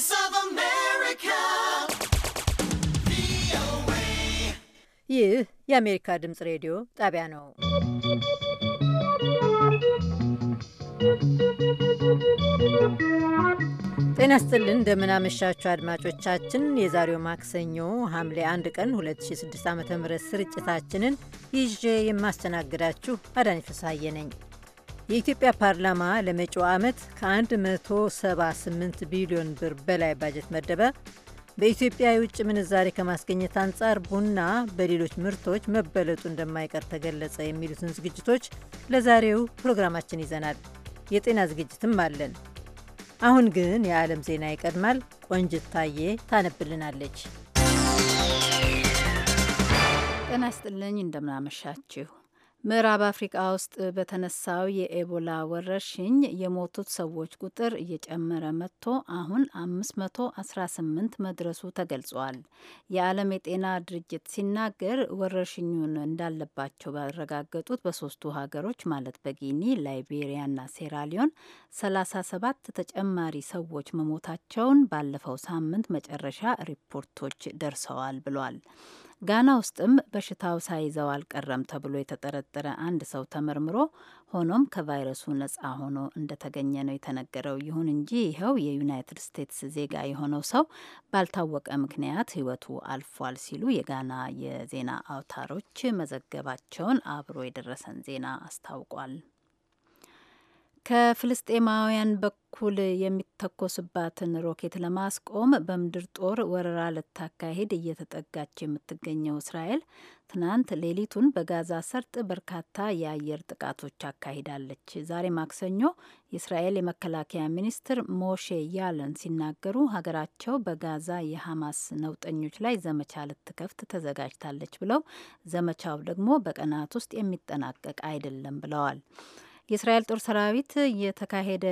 voice of America. ይህ የአሜሪካ ድምፅ ሬዲዮ ጣቢያ ነው። ጤና ስጥልን፣ እንደምናመሻችሁ አድማጮቻችን። የዛሬው ማክሰኞ ሐምሌ 1 ቀን 2006 ዓ ም ስርጭታችንን ይዤ የማስተናግዳችሁ አዳኝ ፍስሐዬ ነኝ። የኢትዮጵያ ፓርላማ ለመጪው ዓመት ከ178 ቢሊዮን ብር በላይ ባጀት መደበ። በኢትዮጵያ የውጭ ምንዛሬ ከማስገኘት አንጻር ቡና በሌሎች ምርቶች መበለጡ እንደማይቀር ተገለጸ። የሚሉትን ዝግጅቶች ለዛሬው ፕሮግራማችን ይዘናል። የጤና ዝግጅትም አለን። አሁን ግን የዓለም ዜና ይቀድማል። ቆንጅት ታዬ ታነብልናለች። ጤና ይስጥልኝ እንደምናመሻችሁ ምዕራብ አፍሪቃ ውስጥ በተነሳው የኤቦላ ወረርሽኝ የሞቱት ሰዎች ቁጥር እየጨመረ መጥቶ አሁን 518 መድረሱ ተገልጿል። የዓለም የጤና ድርጅት ሲናገር ወረርሽኙን እንዳለባቸው ባረጋገጡት በሶስቱ ሀገሮች ማለት በጊኒ፣ ላይቤሪያና ሴራሊዮን 37 ተጨማሪ ሰዎች መሞታቸውን ባለፈው ሳምንት መጨረሻ ሪፖርቶች ደርሰዋል ብሏል። ጋና ውስጥም በሽታው ሳይዘው አልቀረም ተብሎ የተጠረጠረ አንድ ሰው ተመርምሮ ሆኖም ከቫይረሱ ነጻ ሆኖ እንደተገኘ ነው የተነገረው። ይሁን እንጂ ይኸው የዩናይትድ ስቴትስ ዜጋ የሆነው ሰው ባልታወቀ ምክንያት ሕይወቱ አልፏል ሲሉ የጋና የዜና አውታሮች መዘገባቸውን አብሮ የደረሰን ዜና አስታውቋል። ከፍልስጤማውያን በኩል የሚተኮስባትን ሮኬት ለማስቆም በምድር ጦር ወረራ ልታካሄድ እየተጠጋች የምትገኘው እስራኤል ትናንት ሌሊቱን በጋዛ ሰርጥ በርካታ የአየር ጥቃቶች አካሂዳለች። ዛሬ ማክሰኞ የእስራኤል የመከላከያ ሚኒስትር ሞሼ ያለን ሲናገሩ ሀገራቸው በጋዛ የሐማስ ነውጠኞች ላይ ዘመቻ ልትከፍት ተዘጋጅታለች ብለው ዘመቻው ደግሞ በቀናት ውስጥ የሚጠናቀቅ አይደለም ብለዋል። የእስራኤል ጦር ሰራዊት እየተካሄደ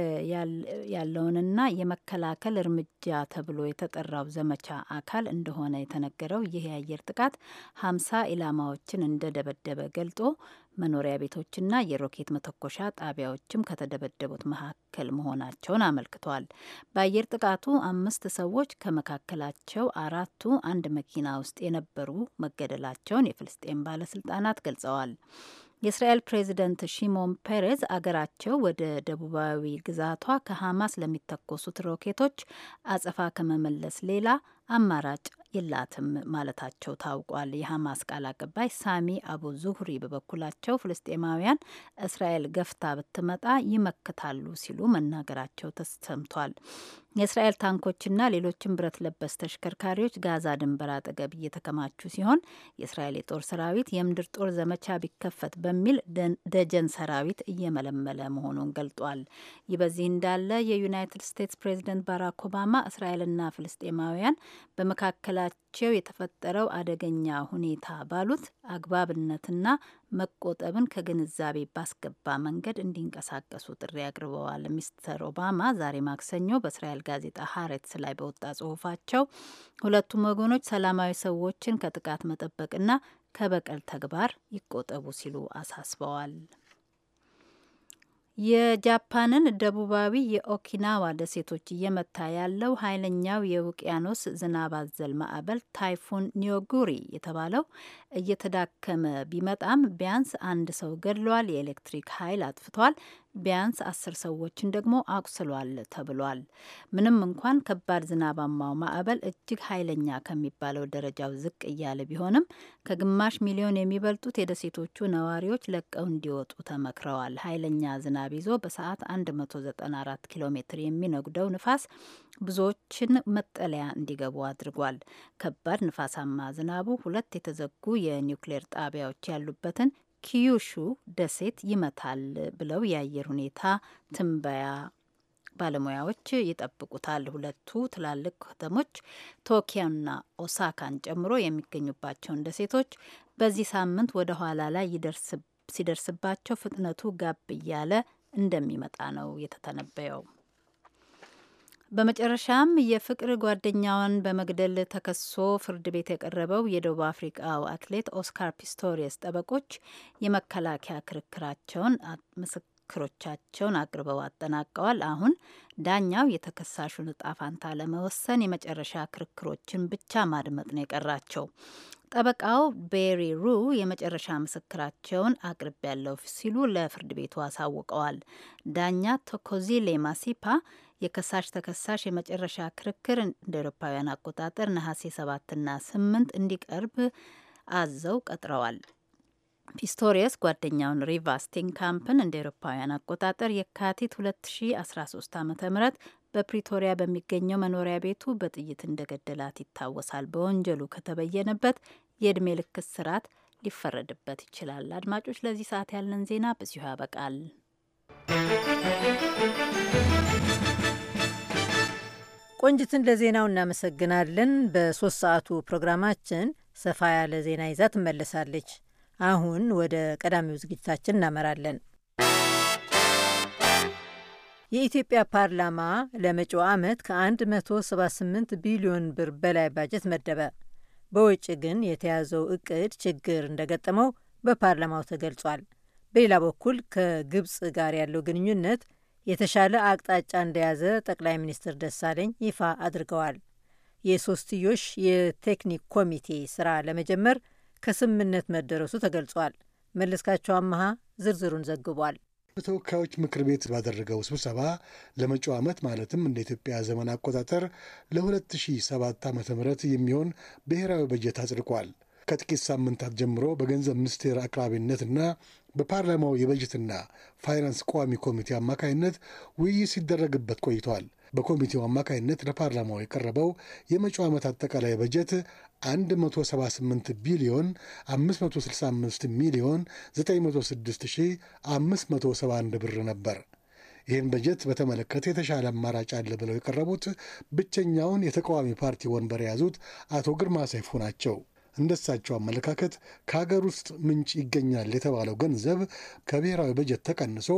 ያለውንና የመከላከል እርምጃ ተብሎ የተጠራው ዘመቻ አካል እንደሆነ የተነገረው ይህ የአየር ጥቃት ሀምሳ ኢላማዎችን እንደደበደበ ገልጦ መኖሪያ ቤቶችና የሮኬት መተኮሻ ጣቢያዎችም ከተደበደቡት መካከል መሆናቸውን አመልክቷል። በአየር ጥቃቱ አምስት ሰዎች ከመካከላቸው አራቱ አንድ መኪና ውስጥ የነበሩ መገደላቸውን የፍልስጤም ባለስልጣናት ገልጸዋል። የእስራኤል ፕሬዚደንት ሺሞን ፔሬዝ አገራቸው ወደ ደቡባዊ ግዛቷ ከሐማስ ለሚተኮሱት ሮኬቶች አጸፋ ከመመለስ ሌላ አማራጭ የላትም ማለታቸው ታውቋል። የሐማስ ቃል አቀባይ ሳሚ አቡ ዙሁሪ በበኩላቸው ፍልስጤማውያን እስራኤል ገፍታ ብትመጣ ይመክታሉ ሲሉ መናገራቸው ተሰምቷል። የእስራኤል ታንኮችና ሌሎችም ብረት ለበስ ተሽከርካሪዎች ጋዛ ድንበር አጠገብ እየተከማቹ ሲሆን የእስራኤል የጦር ሰራዊት የምድር ጦር ዘመቻ ቢከፈት በሚል ደጀን ሰራዊት እየመለመለ መሆኑን ገልጧል። ይህ በዚህ እንዳለ የዩናይትድ ስቴትስ ፕሬዚደንት ባራክ ኦባማ እስራኤልና ፍልስጤማውያን በመካከላቸው የተፈጠረው አደገኛ ሁኔታ ባሉት አግባብነትና መቆጠብን ከግንዛቤ ባስገባ መንገድ እንዲንቀሳቀሱ ጥሪ አቅርበዋል። ሚስተር ኦባማ ዛሬ ማክሰኞ በእስራኤል ጋዜጣ ሀሬትስ ላይ በወጣ ጽሁፋቸው ሁለቱም ወገኖች ሰላማዊ ሰዎችን ከጥቃት መጠበቅና ከበቀል ተግባር ይቆጠቡ ሲሉ አሳስበዋል። የጃፓንን ደቡባዊ የኦኪናዋ ደሴቶች እየመታ ያለው ኃይለኛው የውቅያኖስ ዝናብ አዘል ማዕበል ታይፉን ኒዮጉሪ የተባለው እየተዳከመ ቢመጣም ቢያንስ አንድ ሰው ገድሏል፣ የኤሌክትሪክ ኃይል አጥፍቷል፣ ቢያንስ አስር ሰዎችን ደግሞ አቁስሏል ተብሏል። ምንም እንኳን ከባድ ዝናባማው ማዕበል እጅግ ኃይለኛ ከሚባለው ደረጃው ዝቅ እያለ ቢሆንም ከግማሽ ሚሊዮን የሚበልጡት የደሴቶቹ ነዋሪዎች ለቀው እንዲወጡ ተመክረዋል። ኃይለኛ ዝናብ ይዞ በሰዓት 194 ኪሎ ሜትር የሚነጉደው ንፋስ ብዙዎችን መጠለያ እንዲገቡ አድርጓል። ከባድ ንፋሳማ ዝናቡ ሁለት የተዘጉ የኒውክሌር ጣቢያዎች ያሉበትን ኪዩሹ ደሴት ይመታል ብለው የአየር ሁኔታ ትንበያ ባለሙያዎች ይጠብቁታል። ሁለቱ ትላልቅ ከተሞች ቶኪዮና ኦሳካን ጨምሮ የሚገኙባቸውን ደሴቶች በዚህ ሳምንት ወደ ኋላ ላይ ሲደርስባቸው ፍጥነቱ ጋብ እያለ እንደሚመጣ ነው የተተነበየው። በመጨረሻም የፍቅር ጓደኛዋን በመግደል ተከሶ ፍርድ ቤት የቀረበው የደቡብ አፍሪቃው አትሌት ኦስካር ፒስቶሪየስ ጠበቆች የመከላከያ ክርክራቸውን ምስክሮቻቸውን አቅርበው አጠናቀዋል። አሁን ዳኛው የተከሳሹን እጣ ፋንታ ለመወሰን የመጨረሻ ክርክሮችን ብቻ ማድመጥ ነው የቀራቸው። ጠበቃው ቤሪ ሩ የመጨረሻ ምስክራቸውን አቅርቤያለሁ ሲሉ ለፍርድ ቤቱ አሳውቀዋል። ዳኛ ቶኮዚሌ ማሲፓ የከሳሽ ተከሳሽ የመጨረሻ ክርክር እንደ ኤሮፓውያን አቆጣጠር ነሐሴ 7ና 8 እንዲቀርብ አዘው ቀጥረዋል። ፒስቶሪየስ ጓደኛውን ሪቫ ካምፕን እንደ ኤሮፓውያን አቆጣጠር የካቲት 2013 ዓ ም በፕሪቶሪያ በሚገኘው መኖሪያ ቤቱ በጥይት እንደገደላት ይታወሳል። በወንጀሉ ከተበየነበት የዕድሜ ልክ እስራት ሊፈረድበት ይችላል። አድማጮች፣ ለዚህ ሰዓት ያለን ዜና በዚሁ ያበቃል። ቆንጅትን ለዜናው እናመሰግናለን። በሶስት ሰዓቱ ፕሮግራማችን ሰፋ ያለ ዜና ይዛ ትመለሳለች። አሁን ወደ ቀዳሚው ዝግጅታችን እናመራለን። የኢትዮጵያ ፓርላማ ለመጪው ዓመት ከ178 ቢሊዮን ብር በላይ ባጀት መደበ። በውጭ ግን የተያዘው እቅድ ችግር እንደገጠመው በፓርላማው ተገልጿል። በሌላ በኩል ከግብፅ ጋር ያለው ግንኙነት የተሻለ አቅጣጫ እንደያዘ ጠቅላይ ሚኒስትር ደሳለኝ ይፋ አድርገዋል። የሶስትዮሽ የቴክኒክ ኮሚቴ ስራ ለመጀመር ከስምምነት መደረሱ ተገልጿል። መለስካቸው አመሃ ዝርዝሩን ዘግቧል። በተወካዮች ምክር ቤት ባደረገው ስብሰባ ለመጪው ዓመት ማለትም እንደ ኢትዮጵያ ዘመን አቆጣጠር ለ2007 ዓ ም የሚሆን ብሔራዊ በጀት አጽድቋል። ከጥቂት ሳምንታት ጀምሮ በገንዘብ ሚኒስቴር አቅራቢነትና በፓርላማው የበጀትና ፋይናንስ ቋሚ ኮሚቴ አማካኝነት ውይይት ሲደረግበት ቆይተዋል። በኮሚቴው አማካኝነት ለፓርላማው የቀረበው የመጪው ዓመት አጠቃላይ በጀት 178 ቢሊዮን 565 ሚሊዮን 906571 ብር ነበር። ይህን በጀት በተመለከተ የተሻለ አማራጭ አለ ብለው የቀረቡት ብቸኛውን የተቃዋሚ ፓርቲ ወንበር የያዙት አቶ ግርማ ሰይፉ ናቸው። እንደሳቸው አመለካከት ከሀገር ውስጥ ምንጭ ይገኛል የተባለው ገንዘብ ከብሔራዊ በጀት ተቀንሶ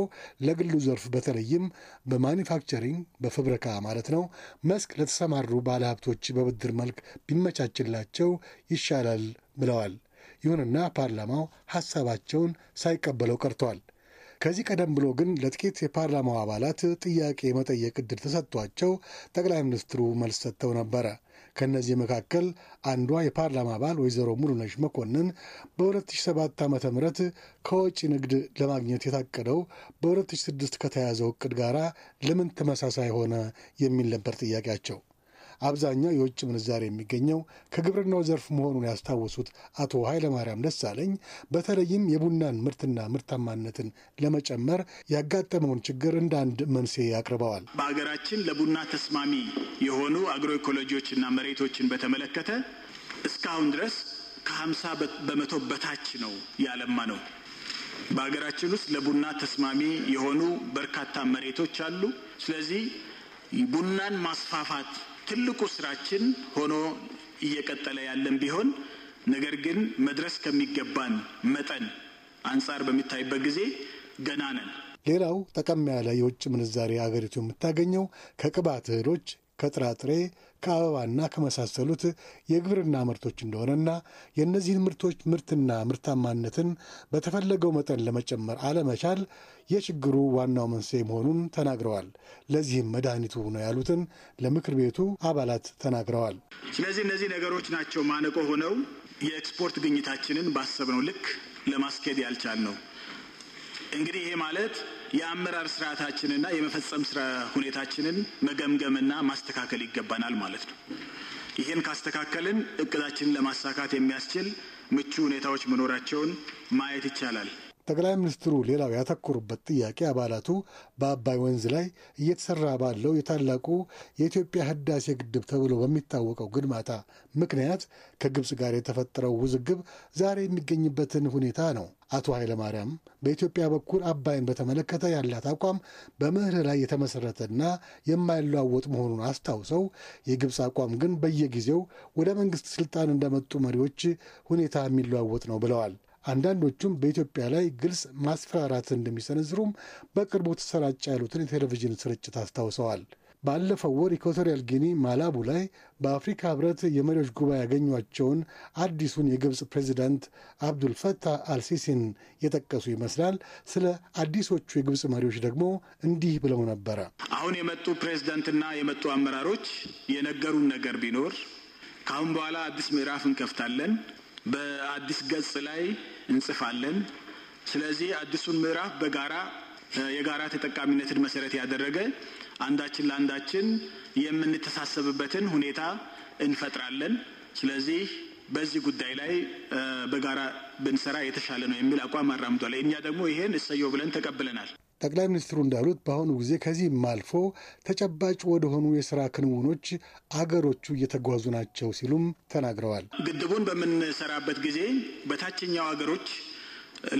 ለግሉ ዘርፍ በተለይም በማኒፋክቸሪንግ በፍብረካ ማለት ነው መስክ ለተሰማሩ ባለሀብቶች በብድር መልክ ቢመቻችላቸው ይሻላል ብለዋል። ይሁንና ፓርላማው ሀሳባቸውን ሳይቀበለው ቀርተዋል። ከዚህ ቀደም ብሎ ግን ለጥቂት የፓርላማው አባላት ጥያቄ መጠየቅ እድል ተሰጥቷቸው ጠቅላይ ሚኒስትሩ መልስ ሰጥተው ነበረ። ከእነዚህ መካከል አንዷ የፓርላማ አባል ወይዘሮ ሙሉነሽ መኮንን በ2007 ዓ ም ከወጪ ንግድ ለማግኘት የታቀደው በ2006 ከተያዘው እቅድ ጋር ለምን ተመሳሳይ ሆነ የሚል ነበር ጥያቄያቸው። አብዛኛው የውጭ ምንዛሬ የሚገኘው ከግብርናው ዘርፍ መሆኑን ያስታወሱት አቶ ኃይለማርያም ደሳለኝ በተለይም የቡናን ምርትና ምርታማነትን ለመጨመር ያጋጠመውን ችግር እንደ አንድ መንስኤ አቅርበዋል። በሀገራችን ለቡና ተስማሚ የሆኑ አግሮ ኢኮሎጂዎችና መሬቶችን በተመለከተ እስካሁን ድረስ ከሀምሳ በመቶ በታች ነው ያለማ ነው። በሀገራችን ውስጥ ለቡና ተስማሚ የሆኑ በርካታ መሬቶች አሉ። ስለዚህ ቡናን ማስፋፋት ትልቁ ስራችን ሆኖ እየቀጠለ ያለን ቢሆን ነገር ግን መድረስ ከሚገባን መጠን አንጻር በሚታይበት ጊዜ ገና ነን። ሌላው ጠቀም ያለ የውጭ ምንዛሬ አገሪቱ የምታገኘው ከቅባት እህሎች ከጥራጥሬ ከአበባና ከመሳሰሉት የግብርና ምርቶች እንደሆነና የእነዚህን ምርቶች ምርትና ምርታማነትን በተፈለገው መጠን ለመጨመር አለመቻል የችግሩ ዋናው መንስኤ መሆኑን ተናግረዋል። ለዚህም መድኃኒቱ ነው ያሉትን ለምክር ቤቱ አባላት ተናግረዋል። ስለዚህ እነዚህ ነገሮች ናቸው ማነቆ ሆነው የኤክስፖርት ግኝታችንን ባሰብነው ልክ ለማስኬድ ያልቻል ነው። እንግዲህ ይሄ ማለት የአመራር ስርዓታችንና የመፈጸም ስራ ሁኔታችንን መገምገምና ማስተካከል ይገባናል ማለት ነው። ይህን ካስተካከልን እቅዳችንን ለማሳካት የሚያስችል ምቹ ሁኔታዎች መኖራቸውን ማየት ይቻላል። ጠቅላይ ሚኒስትሩ ሌላው ያተኮሩበት ጥያቄ አባላቱ በአባይ ወንዝ ላይ እየተሰራ ባለው የታላቁ የኢትዮጵያ ህዳሴ ግድብ ተብሎ በሚታወቀው ግንባታ ምክንያት ከግብፅ ጋር የተፈጠረው ውዝግብ ዛሬ የሚገኝበትን ሁኔታ ነው። አቶ ኃይለማርያም በኢትዮጵያ በኩል አባይን በተመለከተ ያላት አቋም በምህር ላይ የተመሠረተና የማይለዋወጥ መሆኑን አስታውሰው የግብፅ አቋም ግን በየጊዜው ወደ መንግሥት ሥልጣን እንደመጡ መሪዎች ሁኔታ የሚለዋወጥ ነው ብለዋል። አንዳንዶቹም በኢትዮጵያ ላይ ግልጽ ማስፈራራት እንደሚሰነዝሩም በቅርቡ ተሰራጨ ያሉትን የቴሌቪዥን ስርጭት አስታውሰዋል። ባለፈው ወር ኢኳቶሪያል ጊኒ ማላቡ ላይ በአፍሪካ ህብረት የመሪዎች ጉባኤ ያገኟቸውን አዲሱን የግብፅ ፕሬዚዳንት አብዱልፈታህ አልሲሲን የጠቀሱ ይመስላል። ስለ አዲሶቹ የግብፅ መሪዎች ደግሞ እንዲህ ብለው ነበረ። አሁን የመጡ ፕሬዚዳንትና የመጡ አመራሮች የነገሩን ነገር ቢኖር ከአሁን በኋላ አዲስ ምዕራፍ እንከፍታለን በአዲስ ገጽ ላይ እንጽፋለን። ስለዚህ አዲሱን ምዕራፍ በጋራ የጋራ ተጠቃሚነትን መሰረት ያደረገ አንዳችን ለአንዳችን የምንተሳሰብበትን ሁኔታ እንፈጥራለን። ስለዚህ በዚህ ጉዳይ ላይ በጋራ ብንሰራ የተሻለ ነው የሚል አቋም አራምዷል። እኛ ደግሞ ይሄን እሰየው ብለን ተቀብለናል። ጠቅላይ ሚኒስትሩ እንዳሉት በአሁኑ ጊዜ ከዚህም አልፎ ተጨባጭ ወደሆኑ የስራ ክንውኖች አገሮቹ እየተጓዙ ናቸው ሲሉም ተናግረዋል። ግድቡን በምንሰራበት ጊዜ በታችኛው አገሮች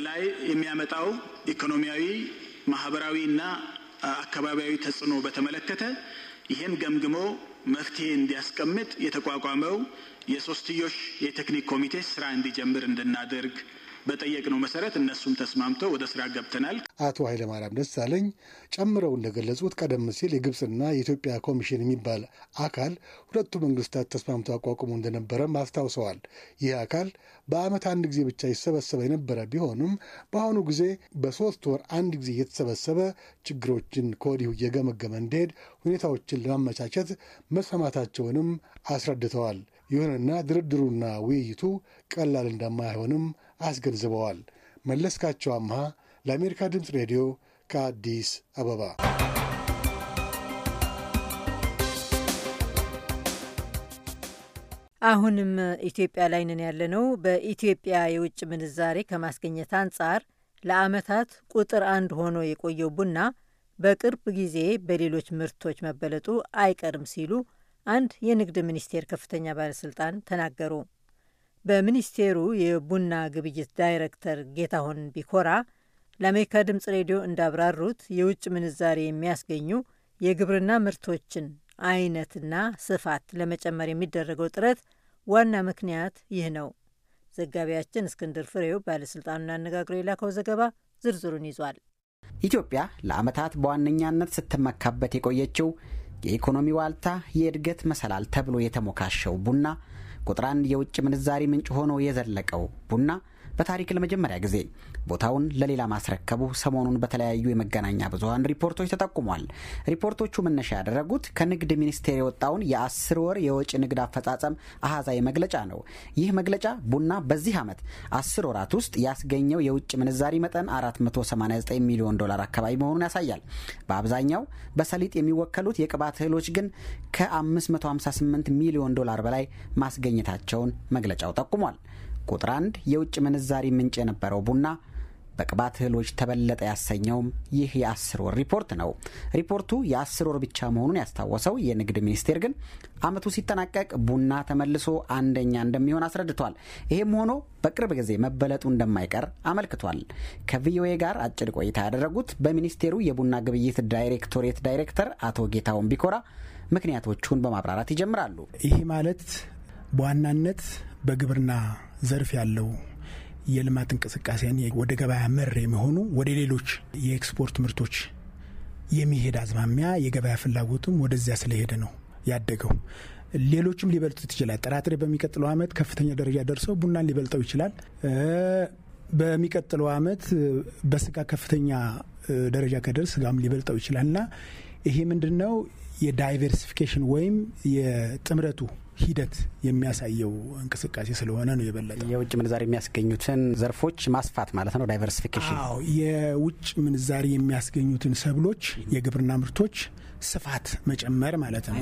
ላይ የሚያመጣው ኢኮኖሚያዊ፣ ማህበራዊ እና አካባቢያዊ ተጽዕኖ በተመለከተ ይህን ገምግሞ መፍትሄ እንዲያስቀምጥ የተቋቋመው የሶስትዮሽ የቴክኒክ ኮሚቴ ስራ እንዲጀምር እንድናደርግ በጠየቅነው መሰረት እነሱም ተስማምተው ወደ ስራ ገብተናል። አቶ ኃይለማርያም ደሳለኝ ጨምረው እንደገለጹት ቀደም ሲል የግብፅና የኢትዮጵያ ኮሚሽን የሚባል አካል ሁለቱ መንግስታት ተስማምተው አቋቁሞ እንደነበረም አስታውሰዋል። ይህ አካል በአመት አንድ ጊዜ ብቻ ይሰበሰበ የነበረ ቢሆንም በአሁኑ ጊዜ በሶስት ወር አንድ ጊዜ እየተሰበሰበ ችግሮችን ከወዲሁ እየገመገመ እንዲሄድ ሁኔታዎችን ለማመቻቸት መስማማታቸውንም አስረድተዋል። ይሁንና ድርድሩና ውይይቱ ቀላል እንደማይሆንም አስገንዝበዋል። መለስካቸው አምሃ ለአሜሪካ ድምፅ ሬዲዮ ከአዲስ አበባ አሁንም ኢትዮጵያ ላይ ነን ያለነው። በኢትዮጵያ የውጭ ምንዛሬ ከማስገኘት አንጻር ለአመታት ቁጥር አንድ ሆኖ የቆየው ቡና በቅርብ ጊዜ በሌሎች ምርቶች መበለጡ አይቀርም ሲሉ አንድ የንግድ ሚኒስቴር ከፍተኛ ባለስልጣን ተናገሩ። በሚኒስቴሩ የቡና ግብይት ዳይሬክተር ጌታሁን ቢኮራ ለአሜሪካ ድምፅ ሬዲዮ እንዳብራሩት የውጭ ምንዛሬ የሚያስገኙ የግብርና ምርቶችን አይነትና ስፋት ለመጨመር የሚደረገው ጥረት ዋና ምክንያት ይህ ነው። ዘጋቢያችን እስክንድር ፍሬው ባለሥልጣኑን አነጋግሮ የላከው ዘገባ ዝርዝሩን ይዟል። ኢትዮጵያ ለዓመታት በዋነኛነት ስትመካበት የቆየችው የኢኮኖሚ ዋልታ፣ የእድገት መሰላል ተብሎ የተሞካሸው ቡና ቁጥር አንድ የውጭ ምንዛሪ ምንጭ ሆኖ የዘለቀው ቡና በታሪክ ለመጀመሪያ ጊዜ ቦታውን ለሌላ ማስረከቡ ሰሞኑን በተለያዩ የመገናኛ ብዙሀን ሪፖርቶች ተጠቁሟል። ሪፖርቶቹ መነሻ ያደረጉት ከንግድ ሚኒስቴር የወጣውን የአስር ወር የወጪ ንግድ አፈጻጸም አሃዛዊ መግለጫ ነው። ይህ መግለጫ ቡና በዚህ ዓመት አስር ወራት ውስጥ ያስገኘው የውጭ ምንዛሪ መጠን 489 ሚሊዮን ዶላር አካባቢ መሆኑን ያሳያል። በአብዛኛው በሰሊጥ የሚወከሉት የቅባት እህሎች ግን ከ558 ሚሊዮን ዶላር በላይ ማስገኘታቸውን መግለጫው ጠቁሟል። ቁጥር አንድ የውጭ ምንዛሪ ምንጭ የነበረው ቡና በቅባት እህሎች ተበለጠ ያሰኘውም ይህ የአስር ወር ሪፖርት ነው። ሪፖርቱ የአስር ወር ብቻ መሆኑን ያስታወሰው የንግድ ሚኒስቴር ግን ዓመቱ ሲጠናቀቅ ቡና ተመልሶ አንደኛ እንደሚሆን አስረድቷል። ይህም ሆኖ በቅርብ ጊዜ መበለጡ እንደማይቀር አመልክቷል። ከቪኦኤ ጋር አጭር ቆይታ ያደረጉት በሚኒስቴሩ የቡና ግብይት ዳይሬክቶሬት ዳይሬክተር አቶ ጌታውን ቢኮራ ምክንያቶቹን በማብራራት ይጀምራሉ። ይህ ማለት በዋናነት በግብርና ዘርፍ ያለው የልማት እንቅስቃሴን ወደ ገበያ መር የሚሆኑ ወደ ሌሎች የኤክስፖርት ምርቶች የሚሄድ አዝማሚያ የገበያ ፍላጎቱም ወደዚያ ስለሄደ ነው ያደገው። ሌሎችም ሊበልጡት ይችላል። ጥራጥሬ በሚቀጥለው ዓመት ከፍተኛ ደረጃ ደርሰው ቡናን ሊበልጠው ይችላል። በሚቀጥለው ዓመት በስጋ ከፍተኛ ደረጃ ከደርስ ስጋም ሊበልጠው ይችላል እና ይሄ ምንድን ነው የዳይቨርሲፊኬሽን ወይም የጥምረቱ ሂደት የሚያሳየው እንቅስቃሴ ስለሆነ ነው የበለጠ የውጭ ምንዛሪ የሚያስገኙትን ዘርፎች ማስፋት ማለት ነው ዳይቨርሲፊኬሽን። የውጭ ምንዛሪ የሚያስገኙትን ሰብሎች፣ የግብርና ምርቶች ስፋት መጨመር ማለት ነው።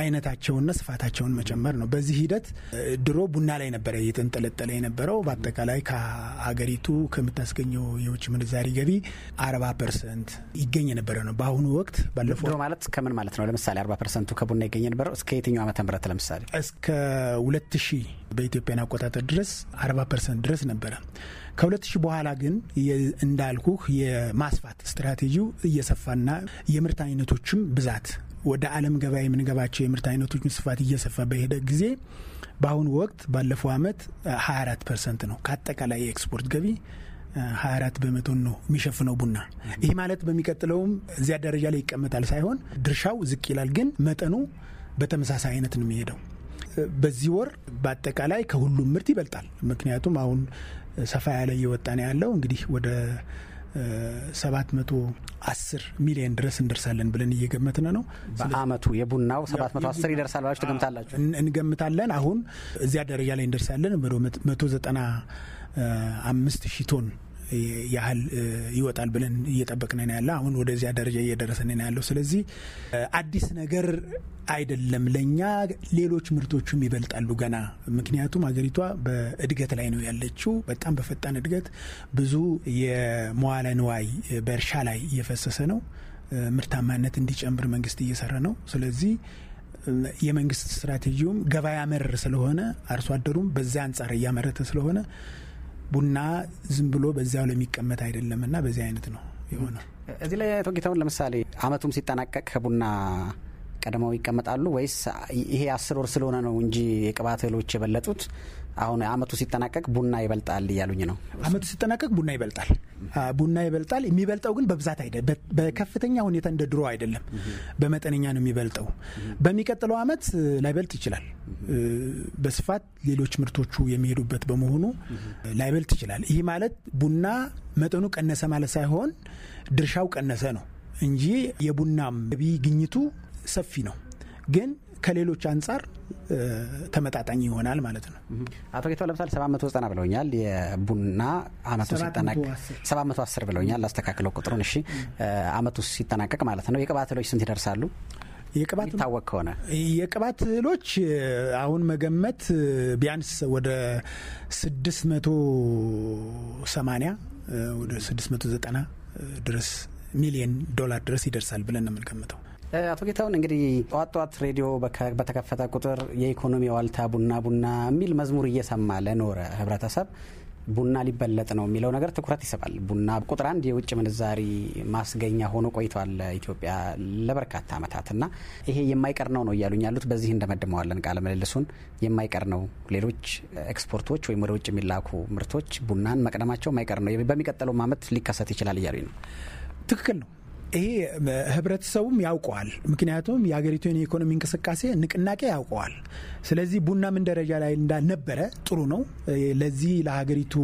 አይነታቸውንና ስፋታቸውን መጨመር ነው። በዚህ ሂደት ድሮ ቡና ላይ ነበረ እየተንጠለጠለ የነበረው። በአጠቃላይ ከሀገሪቱ ከምታስገኘው የውጭ ምንዛሪ ገቢ አርባ ፐርሰንት ይገኝ የነበረ ነው። በአሁኑ ወቅት ባለፈው ድሮ ማለት ከምን ማለት ነው? ለምሳሌ አርባ ፐርሰንቱ ከቡና ይገኝ የነበረው እስከ የትኛው ዓመተ ምህረት ለምሳሌ እስከ ሁለት ሺህ በኢትዮጵያን አቆጣጠር ድረስ 40 ፐርሰንት ድረስ ነበረ። ከ2000 በኋላ ግን እንዳልኩህ የማስፋት ስትራቴጂው እየሰፋና የምርት አይነቶችም ብዛት ወደ ዓለም ገበያ የምንገባቸው የምርት አይነቶችን ስፋት እየሰፋ በሄደ ጊዜ በአሁኑ ወቅት ባለፈው ዓመት 24 ፐርሰንት ነው ከአጠቃላይ የኤክስፖርት ገቢ 24 በመቶን ነው የሚሸፍነው ቡና። ይህ ማለት በሚቀጥለውም እዚያ ደረጃ ላይ ይቀመጣል ሳይሆን ድርሻው ዝቅ ይላል፣ ግን መጠኑ በተመሳሳይ አይነት ነው የሚሄደው። በዚህ ወር በአጠቃላይ ከሁሉም ምርት ይበልጣል። ምክንያቱም አሁን ሰፋ ያለ እየወጣ ነው ያለው እንግዲህ ወደ 710 ሚሊዮን ድረስ እንደርሳለን ብለን እየገመትን ነው። በአመቱ የቡናው 710 ይደርሳል ብላችሁ ትገምታላችሁ? እንገምታለን። አሁን እዚያ ደረጃ ላይ እንደርሳለን። ወደ 195 ሺህ ቶን ያህል ይወጣል ብለን እየጠበቅን ያለ አሁን ወደዚያ ደረጃ እየደረሰን ያለው። ስለዚህ አዲስ ነገር አይደለም ለእኛ፣ ሌሎች ምርቶቹም ይበልጣሉ ገና። ምክንያቱም ሀገሪቷ በእድገት ላይ ነው ያለችው፣ በጣም በፈጣን እድገት። ብዙ የመዋለ ንዋይ በእርሻ ላይ እየፈሰሰ ነው። ምርታማነት እንዲጨምር መንግስት እየሰራ ነው። ስለዚህ የመንግስት ስትራቴጂውም ገበያ መር ስለሆነ አርሶ አደሩም በዚያ አንጻር እያመረተ ስለሆነ ቡና ዝም ብሎ በዚያው ለሚቀመጥ አይደለም ና በዚህ አይነት ነው የሆነ እዚህ ላይ አቶ ጌታሁን ለምሳሌ አመቱም ሲጠናቀቅ ከቡና ቀድመው ይቀመጣሉ ወይስ ይሄ አስር ወር ስለሆነ ነው እንጂ የቅባት እህሎች የበለጡት አሁን አመቱ ሲጠናቀቅ ቡና ይበልጣል እያሉኝ ነው። አመቱ ሲጠናቀቅ ቡና ይበልጣል፣ ቡና ይበልጣል። የሚበልጠው ግን በብዛት አይደ በከፍተኛ ሁኔታ እንደ ድሮ አይደለም። በመጠነኛ ነው የሚበልጠው። በሚቀጥለው አመት ላይበልጥ ይችላል። በስፋት ሌሎች ምርቶቹ የሚሄዱበት በመሆኑ ላይበልጥ ይችላል። ይህ ማለት ቡና መጠኑ ቀነሰ ማለት ሳይሆን ድርሻው ቀነሰ ነው እንጂ የቡናም ገቢ ግኝቱ ሰፊ ነው ግን ከሌሎች አንጻር ተመጣጣኝ ይሆናል ማለት ነው። አቶ ጌታ ለምሳሌ 790 ብለውኛል። የቡና አመቱ ሲጠናቀቅ 710 ብለውኛል። ላስተካክለው ቁጥሩን እሺ። አመቱ ሲጠናቀቅ ማለት ነው። የቅባት እህሎች ስንት ይደርሳሉ? የቅባት ታወቅ ከሆነ የቅባት እህሎች አሁን መገመት ቢያንስ ወደ 680 ወደ 690 ድረስ ሚሊየን ዶላር ድረስ ይደርሳል ብለን ነው የምንገምተው። Eh, አቶ ጌታሁን እንግዲህ ጠዋት ጠዋት ሬዲዮ በተከፈተ ቁጥር የኢኮኖሚ ዋልታ ቡና ቡና የሚል መዝሙር እየሰማ ለኖረ ህብረተሰብ ቡና ሊበለጥ ነው የሚለው ነገር ትኩረት ይስባል። ቡና ቁጥር አንድ የውጭ ምንዛሪ ማስገኛ ሆኖ ቆይቷል ኢትዮጵያ ለበርካታ ዓመታት እና ይሄ የማይቀር ነው ነው እያሉኝ ያሉት። በዚህ እንደመድመዋለን ቃለ ምልልሱን የማይቀር ነው። ሌሎች ኤክስፖርቶች ወይም ወደ ውጭ የሚላኩ ምርቶች ቡናን መቅደማቸው ማይቀር ነው፣ በሚቀጥለውም ዓመት ሊከሰት ይችላል እያሉኝ ነው። ትክክል ነው። ይሄ ህብረተሰቡም ያውቀዋል። ምክንያቱም የሀገሪቱን የኢኮኖሚ እንቅስቃሴ ንቅናቄ ያውቀዋል። ስለዚህ ቡና ምን ደረጃ ላይ እንዳልነበረ ጥሩ ነው። ለዚህ ለሀገሪቱ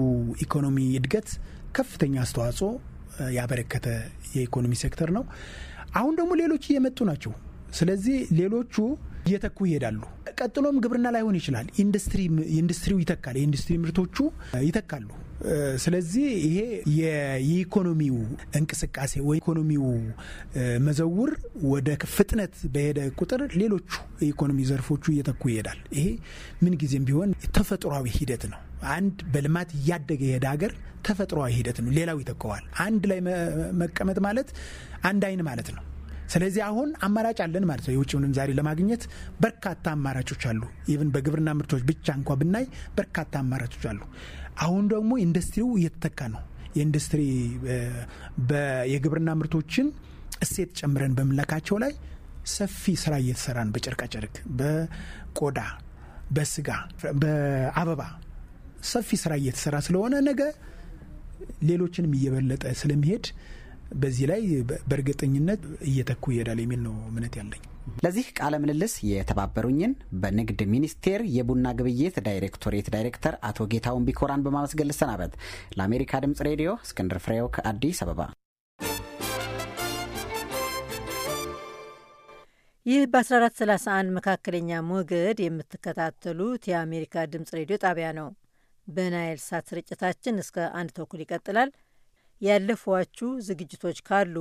ኢኮኖሚ እድገት ከፍተኛ አስተዋጽኦ ያበረከተ የኢኮኖሚ ሴክተር ነው። አሁን ደግሞ ሌሎች እየመጡ ናቸው። ስለዚህ ሌሎቹ እየተኩ ይሄዳሉ። ቀጥሎም ግብርና ላይሆን ይችላል፣ ኢንዱስትሪው ይተካል። የኢንዱስትሪ ምርቶቹ ይተካሉ። ስለዚህ ይሄ የኢኮኖሚው እንቅስቃሴ ወይ ኢኮኖሚው መዘውር ወደ ፍጥነት በሄደ ቁጥር ሌሎቹ የኢኮኖሚ ዘርፎቹ እየተኩ ይሄዳል። ይሄ ምንጊዜም ቢሆን ተፈጥሯዊ ሂደት ነው። አንድ በልማት እያደገ የሄደ ሀገር ተፈጥሯዊ ሂደት ነው። ሌላው ይተከዋል። አንድ ላይ መቀመጥ ማለት አንድ አይን ማለት ነው። ስለዚህ አሁን አማራጭ አለን ማለት ነው። የውጭ ምንዛሪ ለማግኘት በርካታ አማራጮች አሉ። ኢቭን በግብርና ምርቶች ብቻ እንኳ ብናይ በርካታ አማራጮች አሉ። አሁን ደግሞ ኢንዱስትሪው እየተተካ ነው። የኢንዱስትሪ የግብርና ምርቶችን እሴት ጨምረን በምላካቸው ላይ ሰፊ ስራ እየተሰራ ነው። በጨርቃጨርቅ፣ በቆዳ፣ በስጋ፣ በአበባ ሰፊ ስራ እየተሰራ ስለሆነ ነገ ሌሎችንም እየበለጠ ስለሚሄድ በዚህ ላይ በእርግጠኝነት እየተኩ ይሄዳል የሚል ነው እምነት ያለኝ። ለዚህ ቃለ ምልልስ የተባበሩኝን በንግድ ሚኒስቴር የቡና ግብይት ዳይሬክቶሬት ዳይሬክተር አቶ ጌታውን ቢኮራን በማመስገን ልሰናበት። ለአሜሪካ ድምጽ ሬዲዮ እስክንድር ፍሬው ከአዲስ አበባ። ይህ በ1431 መካከለኛ ሞገድ የምትከታተሉት የአሜሪካ ድምጽ ሬዲዮ ጣቢያ ነው። በናይል ሳት ስርጭታችን እስከ አንድ ተኩል ይቀጥላል። ያለፏችሁ ዝግጅቶች ካሉ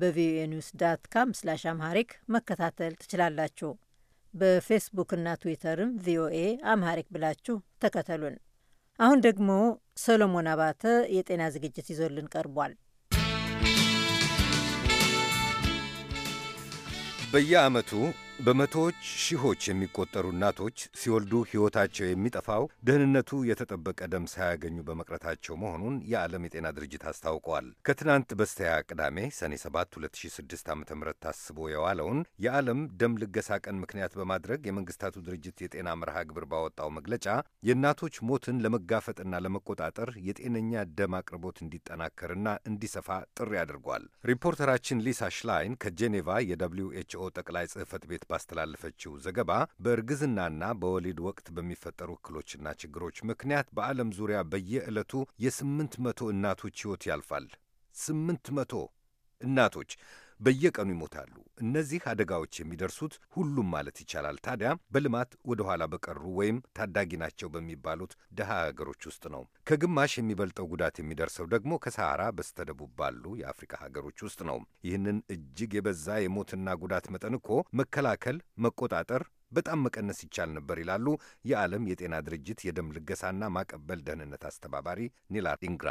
በቪኦኤ ኒውስ ዳት ካም ስላሽ አምሃሪክ መከታተል ትችላላችሁ። በፌስቡክና ትዊተርም ቪኦኤ አምሃሪክ ብላችሁ ተከተሉን። አሁን ደግሞ ሰሎሞን አባተ የጤና ዝግጅት ይዞልን ቀርቧል። በየዓመቱ በመቶዎች ሺዎች የሚቆጠሩ እናቶች ሲወልዱ ሕይወታቸው የሚጠፋው ደህንነቱ የተጠበቀ ደም ሳያገኙ በመቅረታቸው መሆኑን የዓለም የጤና ድርጅት አስታውቀዋል። ከትናንት በስተያ ቅዳሜ ሰኔ 7 2006 ዓ ም ታስቦ የዋለውን የዓለም ደም ልገሳ ቀን ምክንያት በማድረግ የመንግስታቱ ድርጅት የጤና መርሃ ግብር ባወጣው መግለጫ የእናቶች ሞትን ለመጋፈጥና ለመቆጣጠር የጤነኛ ደም አቅርቦት እንዲጠናከርና እንዲሰፋ ጥሪ አድርጓል። ሪፖርተራችን ሊሳ ሽላይን ከጄኔቫ የደብሊው ኤችኦ ጠቅላይ ጽህፈት ቤት ባስተላለፈችው ዘገባ በእርግዝናና በወሊድ ወቅት በሚፈጠሩ እክሎችና ችግሮች ምክንያት በዓለም ዙሪያ በየዕለቱ የስምንት መቶ እናቶች ሕይወት ያልፋል። ስምንት መቶ እናቶች በየቀኑ ይሞታሉ። እነዚህ አደጋዎች የሚደርሱት ሁሉም ማለት ይቻላል ታዲያ በልማት ወደ ኋላ በቀሩ ወይም ታዳጊ ናቸው በሚባሉት ድሃ ሀገሮች ውስጥ ነው። ከግማሽ የሚበልጠው ጉዳት የሚደርሰው ደግሞ ከሰሃራ በስተደቡብ ባሉ የአፍሪካ ሀገሮች ውስጥ ነው። ይህንን እጅግ የበዛ የሞትና ጉዳት መጠን እኮ መከላከል፣ መቆጣጠር በጣም መቀነስ ይቻል ነበር ይላሉ የዓለም የጤና ድርጅት የደም ልገሳና ማቀበል ደህንነት አስተባባሪ ኒላ ኢንግራ።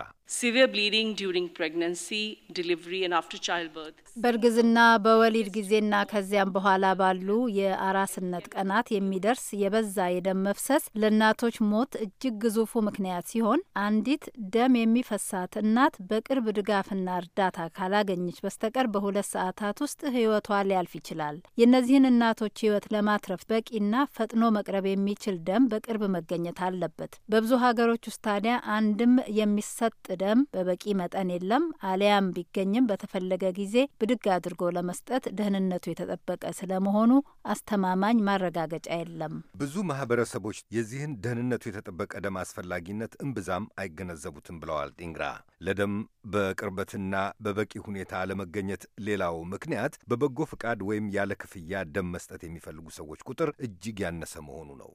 በእርግዝና በወሊድ ጊዜና ከዚያም በኋላ ባሉ የአራስነት ቀናት የሚደርስ የበዛ የደም መፍሰስ ለእናቶች ሞት እጅግ ግዙፉ ምክንያት ሲሆን አንዲት ደም የሚፈሳት እናት በቅርብ ድጋፍና እርዳታ ካላገኘች በስተቀር በሁለት ሰዓታት ውስጥ ህይወቷ ሊያልፍ ይችላል። የእነዚህን እናቶች ህይወት ለማትረፍ በቂና ፈጥኖ መቅረብ የሚችል ደም በቅርብ መገኘት አለበት። በብዙ ሀገሮች ውስጥ ታዲያ አንድም የሚሰጥ ደም በበቂ መጠን የለም። አሊያም ቢገኝም በተፈለገ ጊዜ ብድግ አድርጎ ለመስጠት ደህንነቱ የተጠበቀ ስለመሆኑ አስተማማኝ ማረጋገጫ የለም። ብዙ ማህበረሰቦች የዚህን ደህንነቱ የተጠበቀ ደም አስፈላጊነት እምብዛም አይገነዘቡትም ብለዋል ጢንግራ። ለደም በቅርበትና በበቂ ሁኔታ ለመገኘት ሌላው ምክንያት በበጎ ፍቃድ ወይም ያለ ክፍያ ደም መስጠት የሚፈልጉ ሰዎች ቁጥር ቁጥር እጅግ ያነሰ መሆኑ ነው።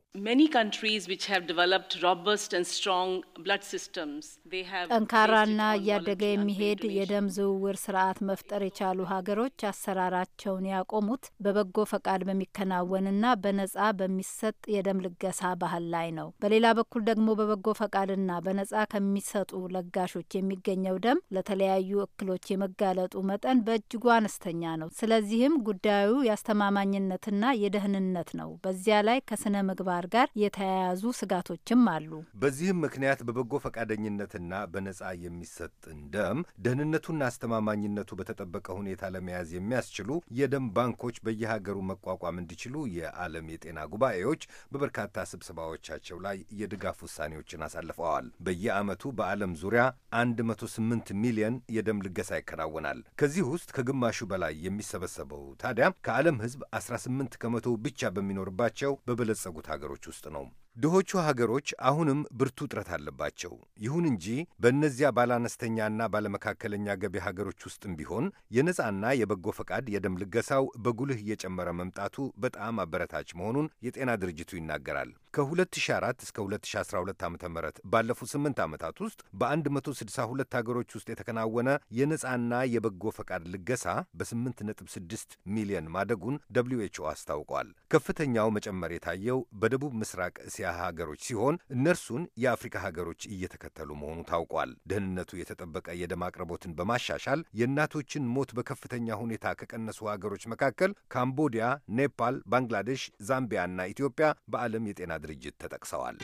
ጠንካራና እያደገ የሚሄድ የደም ዝውውር ስርዓት መፍጠር የቻሉ ሀገሮች አሰራራቸውን ያቆሙት በበጎ ፈቃድ በሚከናወንና በነጻ በሚሰጥ የደም ልገሳ ባህል ላይ ነው። በሌላ በኩል ደግሞ በበጎ ፈቃድና በነጻ ከሚሰጡ ለጋሾች የሚገኘው ደም ለተለያዩ እክሎች የመጋለጡ መጠን በእጅጉ አነስተኛ ነው። ስለዚህም ጉዳዩ የአስተማማኝነትና የደህንነት ነው። በዚያ ላይ ከስነ ምግባር ጋር የተያያዙ ስጋቶችም አሉ። በዚህም ምክንያት በበጎ ፈቃደኝነትና በነጻ የሚሰጥን ደም ደህንነቱና አስተማማኝነቱ በተጠበቀ ሁኔታ ለመያዝ የሚያስችሉ የደም ባንኮች በየሀገሩ መቋቋም እንዲችሉ የዓለም የጤና ጉባኤዎች በበርካታ ስብሰባዎቻቸው ላይ የድጋፍ ውሳኔዎችን አሳልፈዋል። በየዓመቱ በዓለም ዙሪያ 108 ሚሊዮን የደም ልገሳ ይከናወናል። ከዚህ ውስጥ ከግማሹ በላይ የሚሰበሰበው ታዲያ ከዓለም ሕዝብ 18 ከመቶ ብቻ በሚኖርባቸው በበለጸጉት ሀገሮች ውስጥ ነው። ድሆቹ ሀገሮች አሁንም ብርቱ ጥረት አለባቸው። ይሁን እንጂ በእነዚያ ባለአነስተኛና ባለመካከለኛ ገቢ ሀገሮች ውስጥም ቢሆን የነጻና የበጎ ፈቃድ የደም ልገሳው በጉልህ እየጨመረ መምጣቱ በጣም አበረታች መሆኑን የጤና ድርጅቱ ይናገራል። ከ2004 እስከ 2012 ዓ ም ባለፉት 8 ዓመታት ውስጥ በ162 ሀገሮች ውስጥ የተከናወነ የነጻና የበጎ ፈቃድ ልገሳ በ8.6 ሚሊዮን ማደጉን ደብሊው ኤች ኦ አስታውቋል። ከፍተኛው መጨመር የታየው በደቡብ ምስራቅ እስያ እስያ ሀገሮች ሲሆን እነርሱን የአፍሪካ ሀገሮች እየተከተሉ መሆኑ ታውቋል። ደህንነቱ የተጠበቀ የደም አቅርቦትን በማሻሻል የእናቶችን ሞት በከፍተኛ ሁኔታ ከቀነሱ ሀገሮች መካከል ካምቦዲያ፣ ኔፓል፣ ባንግላዴሽ፣ ዛምቢያ እና ኢትዮጵያ በዓለም የጤና ድርጅት ተጠቅሰዋል።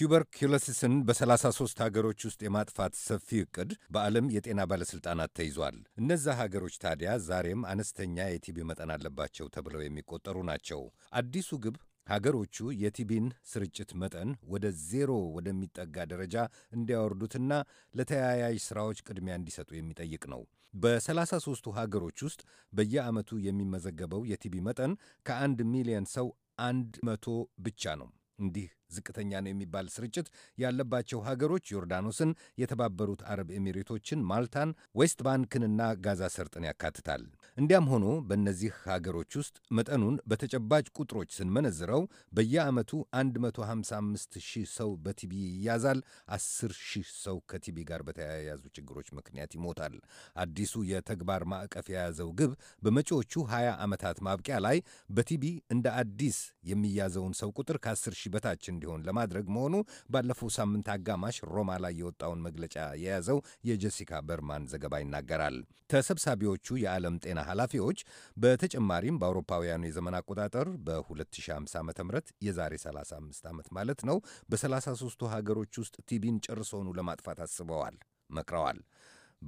ቱበርኪሎሲስን በ33 ሀገሮች ውስጥ የማጥፋት ሰፊ ዕቅድ በዓለም የጤና ባለሥልጣናት ተይዟል። እነዛ ሀገሮች ታዲያ ዛሬም አነስተኛ የቲቢ መጠን አለባቸው ተብለው የሚቆጠሩ ናቸው። አዲሱ ግብ ሀገሮቹ የቲቢን ስርጭት መጠን ወደ ዜሮ ወደሚጠጋ ደረጃ እንዲያወርዱትና ለተያያዥ ሥራዎች ቅድሚያ እንዲሰጡ የሚጠይቅ ነው። 33 ሀገሮች ውስጥ በየዓመቱ የሚመዘገበው የቲቢ መጠን ከአንድ ሚሊዮን ሰው አንድ መቶ ብቻ ነው። እንዲህ ዝቅተኛ ነው የሚባል ስርጭት ያለባቸው ሀገሮች ዮርዳኖስን፣ የተባበሩት አረብ ኤሚሬቶችን፣ ማልታን፣ ዌስት ባንክንና ጋዛ ሰርጥን ያካትታል። እንዲያም ሆኖ በእነዚህ ሀገሮች ውስጥ መጠኑን በተጨባጭ ቁጥሮች ስንመነዝረው በየዓመቱ 155 ሺህ ሰው በቲቢ ይያዛል። 10 ሺህ ሰው ከቲቢ ጋር በተያያዙ ችግሮች ምክንያት ይሞታል። አዲሱ የተግባር ማዕቀፍ የያዘው ግብ በመጪዎቹ 20 ዓመታት ማብቂያ ላይ በቲቢ እንደ አዲስ የሚያዘውን ሰው ቁጥር ከ10 ሺህ በታችን እንዲሆን ለማድረግ መሆኑ ባለፈው ሳምንት አጋማሽ ሮማ ላይ የወጣውን መግለጫ የያዘው የጀሲካ በርማን ዘገባ ይናገራል። ተሰብሳቢዎቹ የዓለም ጤና ኃላፊዎች በተጨማሪም በአውሮፓውያኑ የዘመን አቆጣጠር በ2050 ዓ ም የዛሬ 35 ዓመት ማለት ነው በ33ቱ ሀገሮች ውስጥ ቲቢን ጨርሶኑ ለማጥፋት አስበዋል፣ መክረዋል።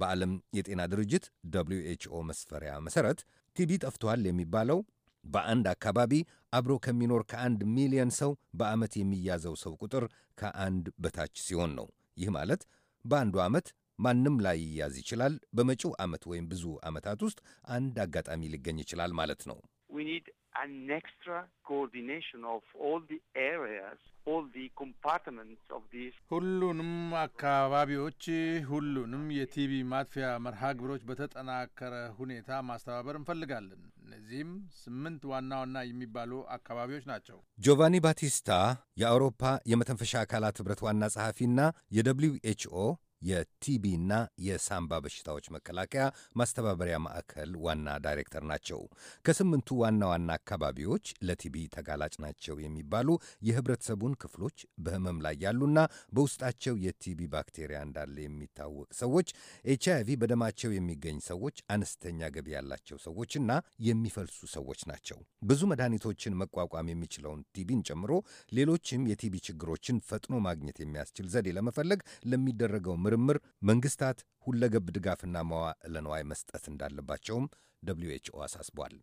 በዓለም የጤና ድርጅት ደብሊው ኤች ኦ መስፈሪያ መሠረት ቲቢ ጠፍቷል የሚባለው በአንድ አካባቢ አብሮ ከሚኖር ከአንድ ሚሊዮን ሰው በዓመት የሚያዘው ሰው ቁጥር ከአንድ በታች ሲሆን ነው። ይህ ማለት በአንዱ ዓመት ማንም ላይ ይያዝ ይችላል። በመጪው ዓመት ወይም ብዙ ዓመታት ውስጥ አንድ አጋጣሚ ሊገኝ ይችላል ማለት ነው። an extra coordination of all the areas, all the compartments of this ሁሉንም አካባቢዎች ሁሉንም የቲቪ ማጥፊያ መርሃ ግብሮች በተጠናከረ ሁኔታ ማስተባበር እንፈልጋለን። እነዚህም ስምንት ዋና ዋና የሚባሉ አካባቢዎች ናቸው። ጆቫኒ ባቲስታ የአውሮፓ የመተንፈሻ አካላት ኅብረት ዋና ጸሐፊና የደብሊው ኤችኦ የቲቢና የሳምባ በሽታዎች መከላከያ ማስተባበሪያ ማዕከል ዋና ዳይሬክተር ናቸው። ከስምንቱ ዋና ዋና አካባቢዎች ለቲቢ ተጋላጭ ናቸው የሚባሉ የህብረተሰቡን ክፍሎች በህመም ላይ ያሉና በውስጣቸው የቲቢ ባክቴሪያ እንዳለ የሚታወቅ ሰዎች፣ ኤች በደማቸው የሚገኝ ሰዎች፣ አነስተኛ ገቢ ያላቸው ሰዎችና የሚፈልሱ ሰዎች ናቸው። ብዙ መድኃኒቶችን መቋቋም የሚችለውን ቲቢን ጨምሮ ሌሎችም የቲቢ ችግሮችን ፈጥኖ ማግኘት የሚያስችል ዘዴ ለመፈለግ ለሚደረገው ምርምር መንግስታት ሁለገብ ድጋፍና መዋዕለ ንዋይ መስጠት እንዳለባቸውም ደብሊዩ ኤችኦ አሳስቧል።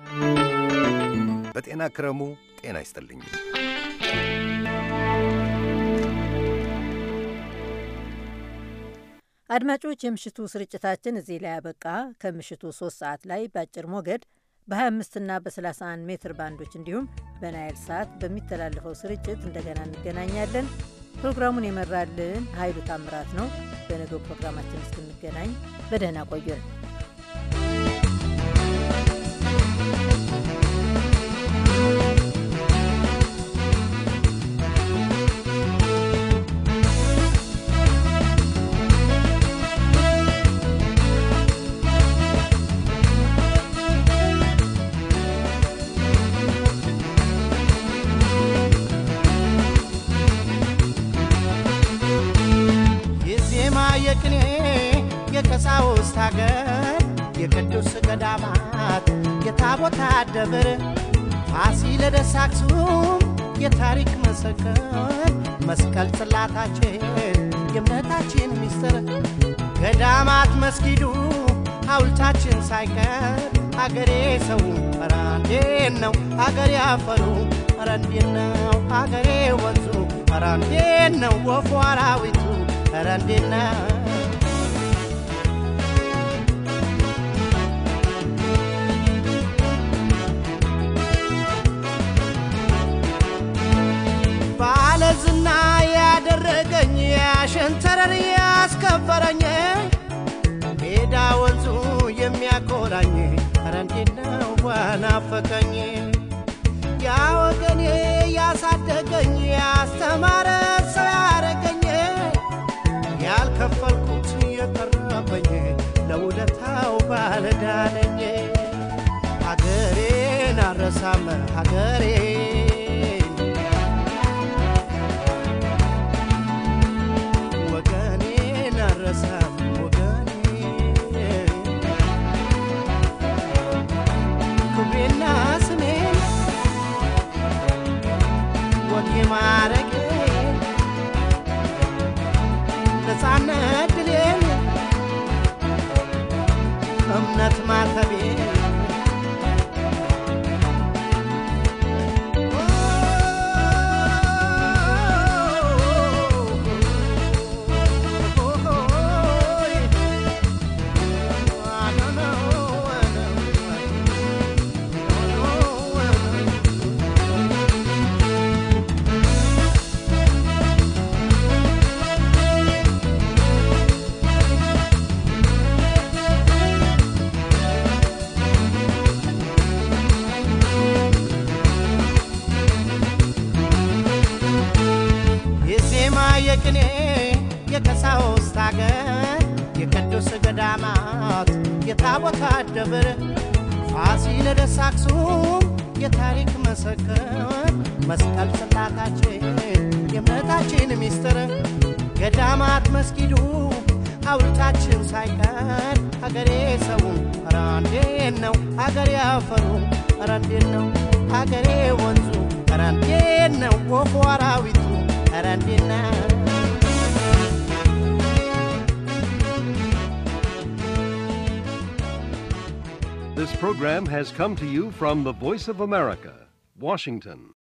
በጤና ክረሙ። ጤና ይስጥልኝ። አድማጮች የምሽቱ ስርጭታችን እዚህ ላይ ያበቃ። ከምሽቱ ሶስት ሰዓት ላይ በአጭር ሞገድ በ25ና በ31 ሜትር ባንዶች እንዲሁም በናይል ሰዓት በሚተላለፈው ስርጭት እንደገና እንገናኛለን። ፕሮግራሙን የመራልን ኃይሉ ታምራት ነው። በነገው ፕሮግራማችን እስክንገናኝ በደህና ቆዩን። ደብር ፋሲለደስ አክሱም የታሪክ መሰከል መስቀል ጽላታችን የእምነታችን ሚስጥር ገዳማት መስጊዱ ሐውልታችን ሳይቀር አገሬ ሰው ኧረ ነው አገሬ አፈሩ ረንዴን ነው አገሬ ወንዙ ኧረ ነው ወፏራዊቱ ረንዴን ነው ናፈቀኝ ያ ወገኔ ያሳደገኝ ያስተማረ ሰው ያረገኝ ያልከፈልኩት የቀረበኝ ለውለታው ባለዳነኝ ሀገሬን አረሳም ሀገሬ እምነት ማተቤ መሰከር መስቀል ጽላታችን የእምነታችን ሚስጥር ገዳማት መስጊዱ ሐውልታችን ሳይቀር አገሬ ሰው ኧረ እንዴት ነው አገሬ አፈሩ ኧረ እንዴት ነው አገሬ ወንዙ ኧረ እንዴት ነው ወፉ አራዊቱ ኧረ እንዴት ነው This program has come to you from the Voice of America, Washington.